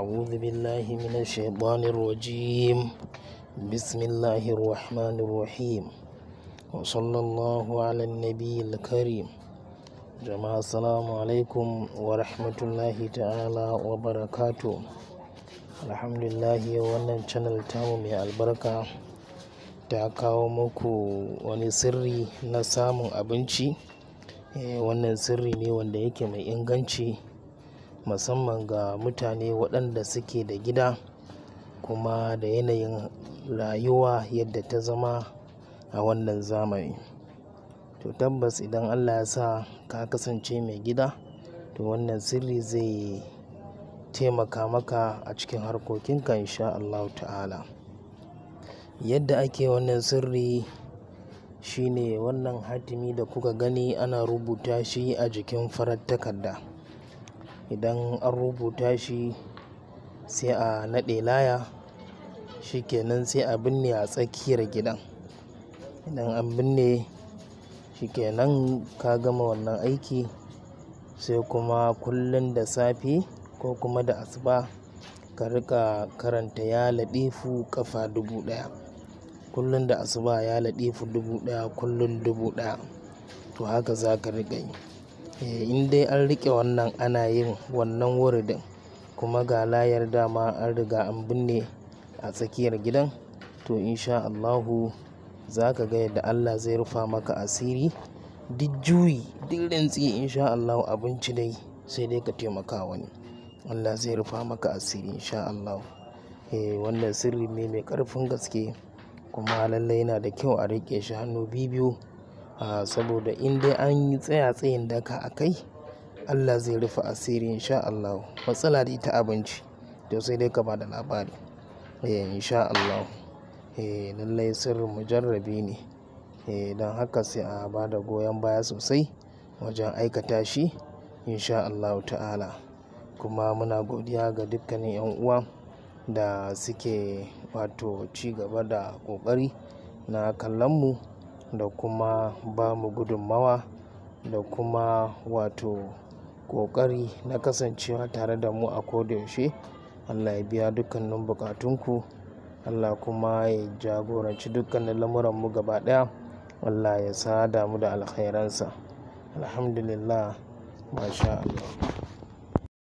أعوذ بالله من الشيطان الرجيم بسم الله الرحمن الرحيم وصلى الله على النبي الكريم جماعة السلام عليكم ورحمة الله تعالى وبركاته الحمد لله وانا channel تامو mai البركة تاكاو موكو واني سري نسامو na samun abinci wannan sirri ne wanda yake mai inganci musamman ga mutane waɗanda suke da gida kuma da yanayin rayuwa yadda ta zama a wannan zamani. To tabbas idan Allah ya sa ka kasance mai gida, to wannan sirri zai taimaka maka a cikin harkokinka insha Allahu ta'ala. Yadda ake wannan sirri shine wannan hatimi da kuka gani ana rubuta shi a jikin farar takarda. idan an rubuta shi sai a naɗe laya shikenan sai a binne a tsakiyar gidan. Idan an binne shikenan ka gama wannan aiki sai kuma kullum da safe ko kuma da asuba ka rika karanta ya latifu ƙafa dubu ɗaya. Kullum da asuba ya latifu dubu ɗaya, kullum dubu ɗaya. To haka za ka riƙa yi. Eh, in dai an riƙe wannan ana yin wannan wuridin kuma ga layar dama an riga an binne a tsakiyar gidan to in sha Allahu za ka ga yadda Allah zai rufa maka asiri duk juyi duk rintsi in sha Allahu abinci dai sai dai ka taimaka wani Allah zai rufa maka asiri in Allahu eh, wannan sirri ne mai karfin gaske kuma lallai na da kyau a riƙe shi hannu bibiyu saboda in dai an yi tsaya tsayin daka a kai Allah zai rufe asiri insha allah Matsala da ita abinci to sai dai ka ba da labari. Eh insha allah eh, lallai sirri mujarrabi ne. Eh, don haka sai a ba da goyon baya sosai wajen aikata shi insha allah ta'ala. Kuma muna godiya ga dukkanin 'yan uwa da suke wato ci gaba da kokari na kallon mu. da kuma ba mu gudunmawa da kuma wato ƙoƙari na kasancewa tare da mu a ko yaushe. Allah ya biya dukkanin bukatunku. Allah kuma ya jagoranci dukkanin lamuranmu gaba ɗaya. Allah ya sa damu da alkhairansa. Alhamdulillah, masha Allah.